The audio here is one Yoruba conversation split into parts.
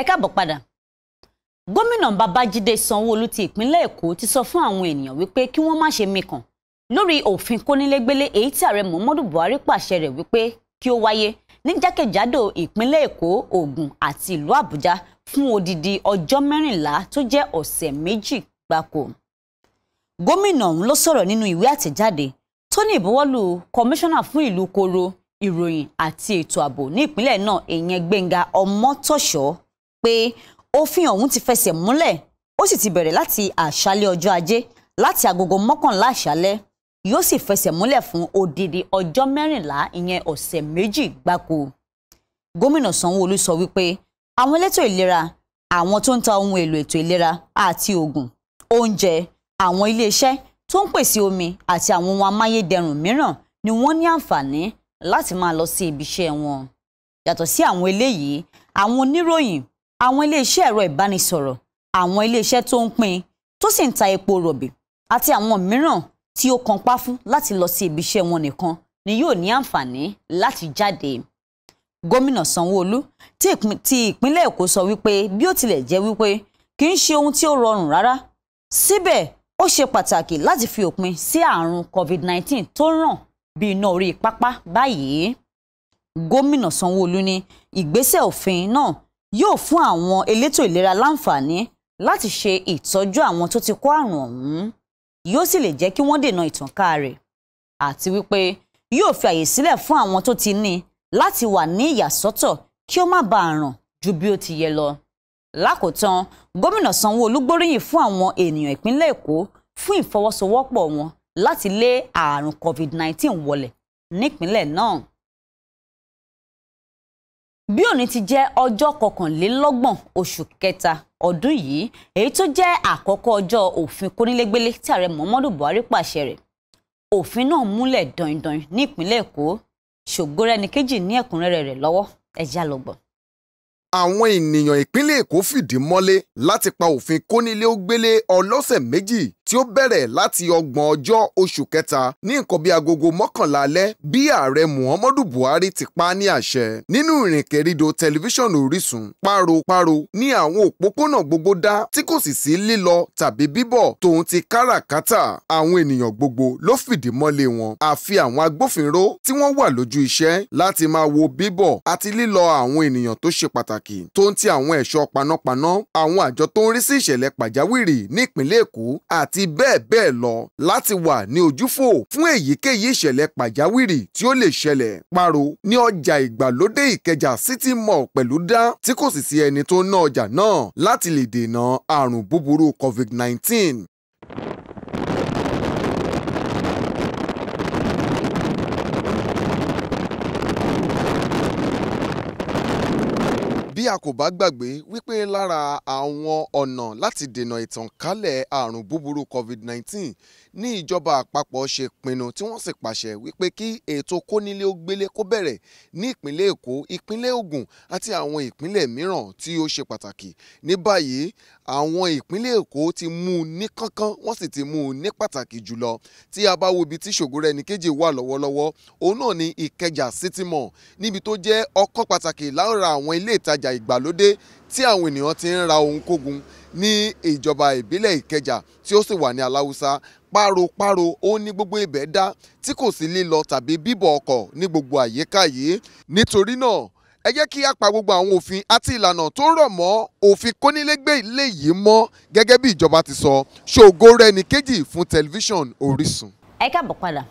ẹ káàbọ̀ padà gómìnà babájídé sanwóolu ti ìpínlẹ̀ èkó ti sọ fún àwọn ènìyàn wípé kí wọ́n má ṣe mikàn lórí òfin kónílégbélé èyí tí ààrẹ muhammadu buhari pàṣẹ rẹ̀ wípé kí ó wáyé ní jákèjádò ìpínlẹ̀ èkó ògùn àti ìlú àbújá fún odidi ọjọ́ mẹ́rìnlá tó jẹ́ ọ̀sẹ̀ méjì gbáko gómìnà ọ̀hún ló sọ̀rọ̀ nínú ìwé àtẹ̀jáde tó ní ìbuwọ́lù kọmíṣánná fún ìlú koro ìròyìn àti ètò ààbò ní ìpínlẹ̀ náà èèyàn gbẹ̀ngà ọmọ́tọ̀ṣọ́ pé òfin ọ̀hún ti fẹsẹ̀ múlẹ̀ ó sì ti bẹ̀rẹ̀ láti àṣálẹ́ ọjọ́ ajé láti agogo mọ́kànlá àṣálẹ́ yóò sì fẹsẹ̀ múlẹ̀ fún odidi ọjọ́ mẹ́rìnlá ìyẹn ọ̀sẹ̀ méjì gbáko. gómìnà sanwóolu sọ wípé àwọn elétò ìlera àwọn tó ń ta ohun èlò ètò ìlera àti oògùn oúnjẹ àwọn iléeṣẹ́ tó ń pèsè omi àti àwọn ohun amáyédẹrùn mìíràn ni wọ́n ní àǹfààní láti máa lọ sí ibiṣẹ́ wọn. yàtọ̀ sí àwọn eléyìí àwọn oníròyìn àwọn iléeṣẹ́ ẹ̀rọ ìbánisọ̀rọ̀ àwọn iléeṣẹ́ tó ń pín tó sì ń ta epo rọ̀bì àti àwọn mìíràn tí ó kan páfú láti lọ sí ibi iṣẹ́ wọn nìkan ni yóò ní àǹfààní láti jáde gómìnà sanwóolu ti ìpínlẹ̀ èkó sọ wípé bí ó tilẹ̀ jẹ́ wípé kì í ṣe ohun tí ó rọrùn rárá síbẹ̀ ó ṣe pàtàkì láti fi òpin sí àrùn covid-19 tó ràn bí iná orí pápá báyìí gómìnà sanwóolu ní ìgbésẹ̀ òfin náà yóò fún àwọn elétò ìlera láǹfààní láti ṣe ìtọ́jú àwọn tó ti kó àrùn ọ̀hún yóò sì lè jẹ́ kí wọ́n dènà ìtànká rẹ̀ àti wípé yóò fi àyè sílẹ̀ fún àwọn tó ti ní láti wà ní ìyàsọ́tọ̀ kí ó má bàa ràn ju bí ó ti yẹ lọ. lákòótán gómìnà sanwó-olú gbóríyìn fún àwọn ènìyàn ìpínlẹ̀ èkó fún ìfọwọ́sowọ́pọ̀ wọn láti lé ààrùn covid-19 wọlẹ̀ nípínlẹ̀ náà bí òní ti jẹ́ ọjọ́ kọkànlélọ́gbọ̀n oṣù kẹta ọdún yìí èyí tó jẹ́ àkọ́kọ́ ọjọ́ òfin kónílégbélé tí ààrẹ Muhammadu Buhari pàṣẹ rẹ̀ òfin náà múlẹ̀ dọ̀yìndọ̀yìn ní ìpínlẹ̀ Èkó Ṣògbórẹ́nikejì ní ẹ̀kúnrẹ́rẹ́ rẹ̀ lọ́wọ́ ẹ̀já lọ́gbọ̀n. àwọn ènìyàn ìpínlẹ̀ Èkó fìdí mọ́lé láti pa òfin kónílé ó gbélé ọlọ́sẹ̀ méjì tí ó bẹ̀rẹ̀ láti ọgbọ̀n ọjọ́ oṣù kẹta ní nǹkan bí agogo mọ́kànlá alẹ́ bí ààrẹ Muhammadu Buhari ti pa á ní àṣẹ nínú ìrìnkèrindò tẹlifíṣàn Orísun páropáro ní àwọn òpópónà gbogbo dá tí kò sì sí lílọ tàbí bíbọ̀ tòun ti káràkátà àwọn ènìyàn gbogbo ló fìdí mọ́lé wọn àfi àwọn agbófinró tí wọ́n wà lójú iṣẹ́ láti máa wo bíbọ̀ àti lílọ àwọn ènìyàn tó ṣe pàtàkì tòun ti àwọn ẹ̀ṣọ́ panápaná àwọn àjọ tó ń rí sí ìṣẹ̀lẹ̀ pàjáwìrì ní ìpínlẹ̀ Èkó àti àti bẹ́ẹ̀ bẹ́ẹ̀ lọ láti wà ní ojúfò fún èyíkéyìí ìṣẹ̀lẹ̀ pàjáwìrì tí ó lè ṣẹlẹ̀. Paro ní ọjà ìgbàlódé Ìkẹjà City Mall pẹ̀lú dá tí kò sì sí ẹni tó ń ná ọjà náà láti lè dènà àrùn búburú COVID-19. bí a kò bá gbàgbé wípé lára àwọn ọ̀nà láti dènà ìtànkálẹ̀ àrùn búburú covid-19 ní ìjọba àpapọ̀ ṣe pinnu tí wọ́n sì pàṣẹ wípé kí ètò kónílé ó gbélé kó bẹ̀rẹ̀ ní ìpínlẹ̀ èkó ìpínlẹ̀ ògùn àti àwọn ìpínlẹ̀ mìíràn tí ó ṣe pàtàkì ní báyìí àwọn ìpínlẹ̀ èkó ti mú un ní kánkán wọ́n sì ti mú un ní pàtàkì jùlọ tí a bá wo ibi tí Ṣògorẹ́nìkejì wà lọ́wọ́lọ́wọ́ òun náà ni ìkẹjà city mall níbi tó jẹ́ ọkàn pàtàkì lára àwọn ilé ìtajà ìgbàlódé tí àwọn ènìyàn ti ń ra ohunkógun ní ìjọba ìbílẹ̀ ìkẹjà tí ó sì wà ní aláwùsá páropáro ó ní gbogbo ibẹ̀ dá tí kò sí lílọ tàbí bíbọ̀ ọkọ̀ ní gbogbo àyíká yìí nítorí náà ẹ jẹ́ kí a pa gbogbo àwọn òfin àti ìlànà tó rọ̀ mọ́ òfin kónílégbé ilé yìí mọ́ gẹ́gẹ́ bí ìjọba ti sọ ṣògo rẹ̀ ní kejì fún tẹlifíṣàn Orísun. ẹ káàbọ̀ padà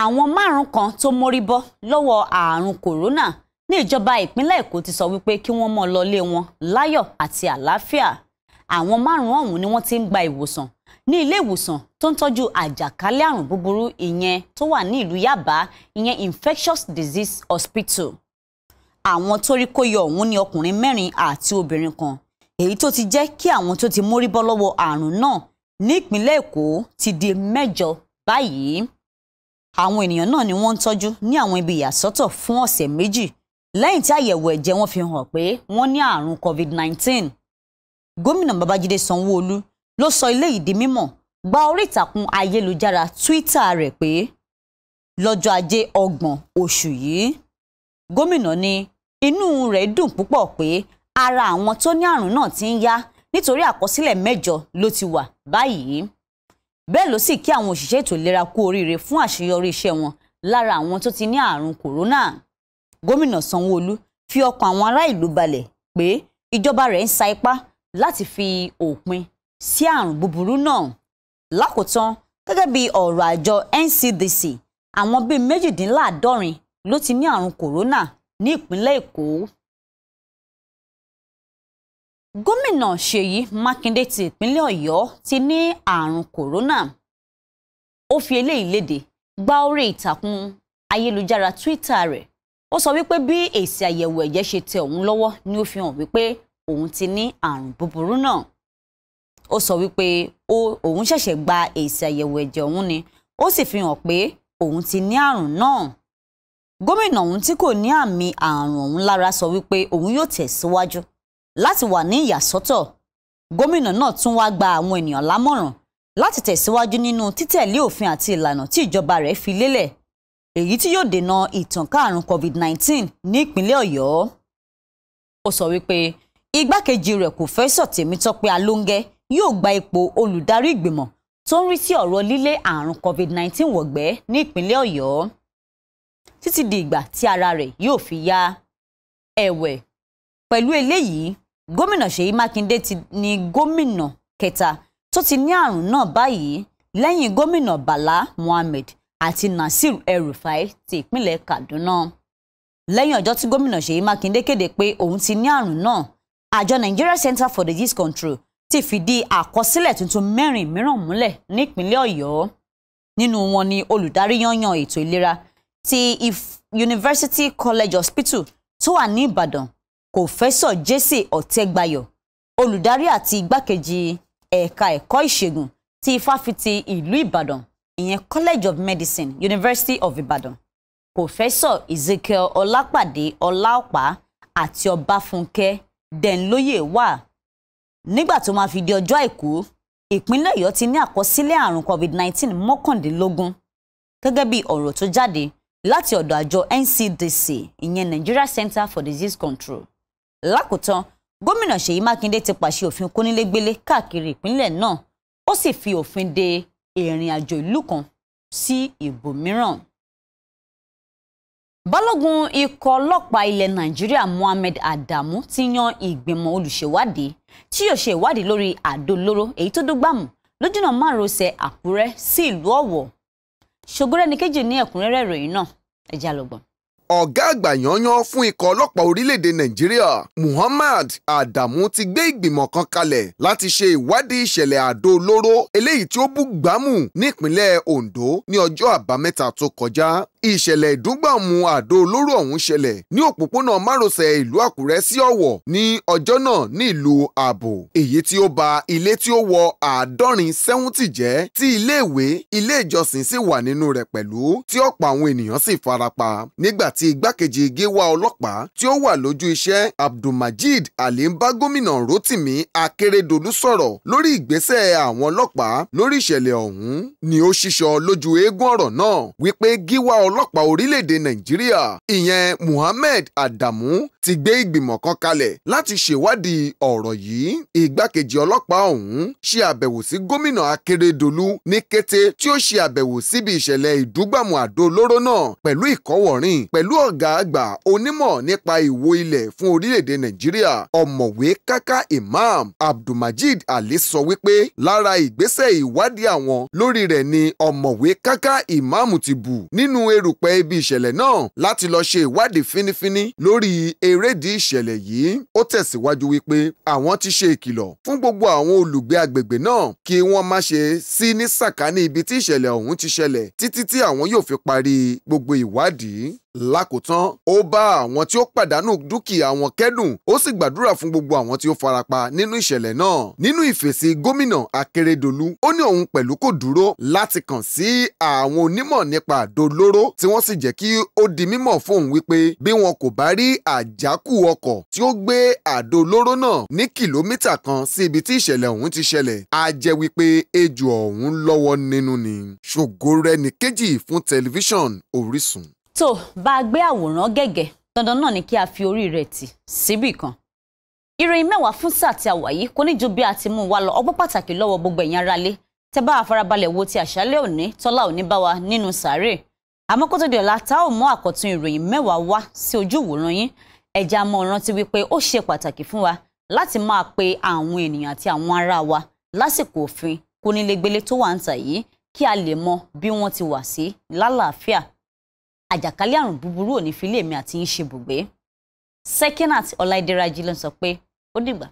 àwọn márùn kan tó mórí bọ́ lọ́wọ́ ààrùn kòrónà ní ìjọba ìpínlẹ̀ Èkó ti sọ wípé kí wọ́n mọ̀ lọlé wọn láyọ̀ àti àlàáfíà àwọn márùn ọ̀hún ni wọ́n ti ń gba ìwòsàn ní ilé ìwòsàn tó ń tọ́jú àjàkálẹ̀ àrùn búburú ìyẹn tó wà ní ìlú Yàbá ìyẹn Infectious Disease Hospital àwọn tó rí kó yọ ọ̀hún ni ọkùnrin mẹ́rin àti obìnrin kan èyí tó ti jẹ́ kí àwọn tó ti mórí bọ́ lọ́wọ́ àrùn náà ní ìpínlẹ̀ Èkó ti di mẹ́jọ báyìí àwọn ènìyàn náà ni wọ́n ń tọ́jú ní àwọn ibi ìyàsọ́tọ̀ fún ọ̀sẹ̀ méjì lẹ́yìn tí àyẹ̀wò ẹ̀jẹ̀ wọn fi hàn pé wọ́n ní àrùn COVID-19 gómìnà Babájídé Sanwó-Olú ló sọ eléyìí di mímọ̀ gba orí ìtàkùn ayélujára Twitter rẹ̀ pé lọ́jọ́ ajé ọgbọ̀n oṣù yìí gómìnà ni inú rẹ̀ dùn púpọ̀ pé ara àwọn tó ní àrùn náà ti ń yá nítorí àkọsílẹ̀ mẹ́jọ ló ti wà báyìí bẹ́ẹ̀ ló sì kí àwọn òṣìṣẹ́ ètò ìlera kú oríire fún àṣeyọrí iṣẹ́ wọn lára àwọn tó ti ní àrùn kòrónà gómìnà sanwóolu fi ọkàn àwọn ará balẹ̀ pé ìjọba rẹ̀ ń sa ipá láti fi òpin sí àrùn búburú náà lákòótán gẹ́gẹ́ bí ọ̀rọ̀ àjọ NCDC àwọn bíi méjìdínláàádọ́rin ló ti ní àrùn kòrónà ní ìpínlẹ̀ Èkó gómìnà Ṣèyí Mákindé ti ìpínlẹ̀ Ọ̀yọ́ ti ní àrùn kòrónà ó fi eléyìí léde gba orí ìtàkùn ayélujára Twitter rẹ̀ ó sọ wípé bí èsì àyẹ̀wò ẹ̀jẹ̀ ṣe tẹ òun lọ́wọ́ ni ó fi hàn wípé òun ti ní àrùn búburú náà ó sọ wípé òun ṣẹ̀ṣẹ̀ gba èsì àyẹ̀wò ẹ̀jẹ̀ òun ni ó sì fi hàn pé òun ti ní àrùn náà gómìnà ọ̀hún tí kò ní àmì àrùn ọ̀hún lára sọ wípé òun yóò tẹ̀síwájú láti wà ní ìyàsọ́tọ̀ gómìnà náà tún wá gba àwọn ènìyàn lámọ̀ràn láti tẹ̀síwájú nínú títẹ̀lé òfin àti ìlànà tí ìjọba rẹ̀ fi lélẹ̀ èyí tí yóò dènà ìtànká àrùn covid-19 ní ìpínlẹ̀ ọ̀yọ́ ó sọ wípé igbákejì rẹ̀ Professor Tèmítọ́pẹ́ Alóńgẹ́ yóò gba ipò olùdarí ìgbìmọ̀ tó ń rí sí ọ̀rọ̀ lílé àrùn covid-19 wọ̀gbẹ́ ní ìpínlẹ̀ ọ̀yọ́ títí di ìgbà tí ara rẹ̀ yóò fi yá ẹ̀wẹ̀ pẹ̀lú eléyìí gómìnà Ṣèyí Mákindé ni gómìnà kẹta tó ti ní àrùn náà báyìí lẹ́yìn gómìnà Bala Mohammed àti Nasir El-Rufai ti ìpínlẹ̀ Kaduna lẹ́yìn ọjọ́ tí gómìnà Ṣèyí Mákindé kéde pé òun ti ní àrùn náà àjọ Nigeria Center for Disease Control ti fìdí àkọsílẹ̀ tuntun mẹ́rin mìíràn múlẹ̀ nípínlẹ̀ Ọ̀yọ́ nínú wọn ni olùdarí yanyan ètò ìlera ti University College Hospital tó wà ní Ìbàdàn Kòfẹ́sọ̀ Jesse Ọ̀tẹ́gbayọ̀ olùdarí àti igbákejì ẹ̀ka ẹ̀kọ́ ìṣègùn ti fáfitì ìlú Ìbàdàn ìyẹn College of Medicine University of Ìbàdàn Kòfẹ́sọ̀ Ezekiel Ọlápàdé Ọláọ̀pá àti Ọbáfúnkẹ́ Dẹ̀nlóyè wà nígbà tó máa fi di ọjọ́ àìkú ìpínlẹ̀ Ọ̀yọ́ ti ní àkọsílẹ̀ àrùn COVID-19 mọ́kàndínlógún gẹ́gẹ́ bí ọ̀rọ̀ tó jáde láti ọ̀dọ̀ àjọ NCDC ìyẹn Nigeria Center for Disease Control lákòótán gómìnà Ṣèyí Mákindé ti pàṣẹ òfin kónílégbélé káàkiri ìpínlẹ̀ náà ó sì fi òfin de ìrìn àjò ìlú kan sí ibòmíràn. balógun ikọ̀ ọlọ́pàá ilẹ̀ Nàìjíríà Mohammed Adamu ti yan ìgbìmọ̀ olùṣèwádìí tí yóò ṣe ìwádìí lórí àdó olóró èyí tó dógbàmù lójúnà márosẹ̀ Àkúrẹ́ sí ìlú Ọ̀wọ̀ ṣògùrẹ́ni kejì ní ẹ̀kúnrẹ́rẹ́ ìròyìn náà ẹ já ọ̀gá àgbà yanyan fún ikọ̀ ọlọ́pàá orílẹ̀-èdè nàìjíríà muhammad adamu ti gbé ìgbìmọ̀ kan kalẹ̀ láti ṣe ìwádìí ìṣẹ̀lẹ̀ àdó olóró eléyìí tí ó bú gbámù nípínlẹ̀ ondo ní ọjọ́ àbámẹ́ta tó kọjá ìṣẹ̀lẹ̀ ìdúgbàmù àdó olóró ọ̀hún ṣẹlẹ̀ ní òpópónà márosẹ̀ ìlú àkúrẹ́ sí ọ̀wọ̀ ní ọjọ́ náà ní ìlú ààbò èyí tí ó ba ilé tí ó wọ àádọ́rin sẹ́wọ́ntì jẹ́ tí iléèwé ilé ìjọsìn sì wà nínú rẹ̀ pẹ̀lú tí ọ̀pọ̀ àwọn ènìyàn sì farapa nígbà tí àti igbákejì gíwá ọlọ́pàá tí ó wà lójú iṣẹ́ abdulmajid ali ń bá gómìnà rotimi akeredolu sọ̀rọ̀ lórí ìgbésẹ̀ àwọn ọlọ́pàá lórí ìṣẹ̀lẹ̀ ọ̀hún ni ó ṣíṣọ lójú eégún ọ̀rọ̀ náà wípé gíwá ọlọ́pàá orílẹ̀-èdè nàìjíríà ìyẹn muhammed adamu ti gbé ìgbìmọ̀ kan kalẹ̀ láti ṣèwádìí ọ̀rọ̀ yìí igbákejì ọlọ́pàá ọ̀hún ṣe àbẹ̀wò sí gómìnà akérèdọ́lù ní kété tí ó ṣe àbẹ̀wò síbi ìṣẹ̀lẹ̀ ìdúgbàmù àdó olóró náà pẹ̀lú ìkọ́wọ̀rìn pẹ̀lú pẹ̀lú ọ̀gá àgbà onímọ̀ nípa ìwo ilẹ̀ fún orílẹ̀-èdè nàìjíríà ọ̀mọ̀wé káká imam abdulmajid ali sọ wípé lára ìgbésẹ̀ ìwádìí àwọn lórí rẹ̀ ni ọ̀mọ̀wé kaka imam ti bù nínú erùpẹ̀ ibi ìṣẹ̀lẹ̀ náà láti lọ ṣe ìwádìí fínífíní lórí erédi ìṣẹ̀lẹ̀ yìí ó tẹ̀síwájú wípé àwọn ti ṣe ìkìlọ̀ fún gbogbo àwọn olùgbé agbègbè náà kí wọ́n má ṣe sí ní sàkání ibi tí ìṣẹ̀lẹ̀ ọ̀hún ti ṣẹlẹ̀ títí tí àwọn yóò fi parí gbogbo ìwádìí lákòótán ó bá àwọn tí ó pàdánù dúkìá wọn kẹ́dùn ó sì gbàdúrà fún gbogbo àwọn tí ó farapa nínú ìṣẹ̀lẹ̀ náà nínú ìfèsì gómìnà akérèdọ́lù ó ní òun pẹ̀lú kò dúró láti kàn sí àwọn onímọ̀ nípa àdó olóró tí wọ́n sì jẹ́ kí ó di mímọ̀ fóun wípé bí wọn kò bá rí àjákù ọkọ̀ tí ó gbé àdó náà ní kìlómítà kan sí ibi tí ìṣẹ̀lẹ̀ ọ̀hún ti ṣẹlẹ̀ á jẹ́ wípé ejò ọ̀hún lọ́wọ́ nínú ni ṣògo rẹ̀ ní kejì fún tẹlifíṣàn Orísun tó bá a gbé àwòrán gẹ́gẹ́ dandan náà ni kí a fi orí rẹ̀ tì síbì kan ìròyìn mẹ́wàá fún sáà tí a wà yìí kò ní ju bí a ti mú wa lọ ọgbọ́n pàtàkì lọ́wọ́ gbogbo ẹ̀yin aráalé tẹ bá àfarabalẹ̀ wo ti àṣálẹ́ òní tọ́lá òní bá wa nínú sàárè àmọ́ kó tó di ọ̀la tá ò mú àkọ́tún ìròyìn mẹ́wàá wá sí ojú ìwòran yín ẹ̀já mọ́ rántí wípé ó ṣe pàtàkì fún wa láti máa pe àwọn ènìyàn àti àwọn ará wa lásìkò òfin kónílégbélé tó wà ń tà yìí kí a lè mọ bí wọ́n ti wà sí lálàáfíà àjàkálẹ̀ àrùn búburú ò ní fi ilé mi àti yín ṣe bùgbé Sekinat Ọláìdé Rájí sọ pé ó dìgbà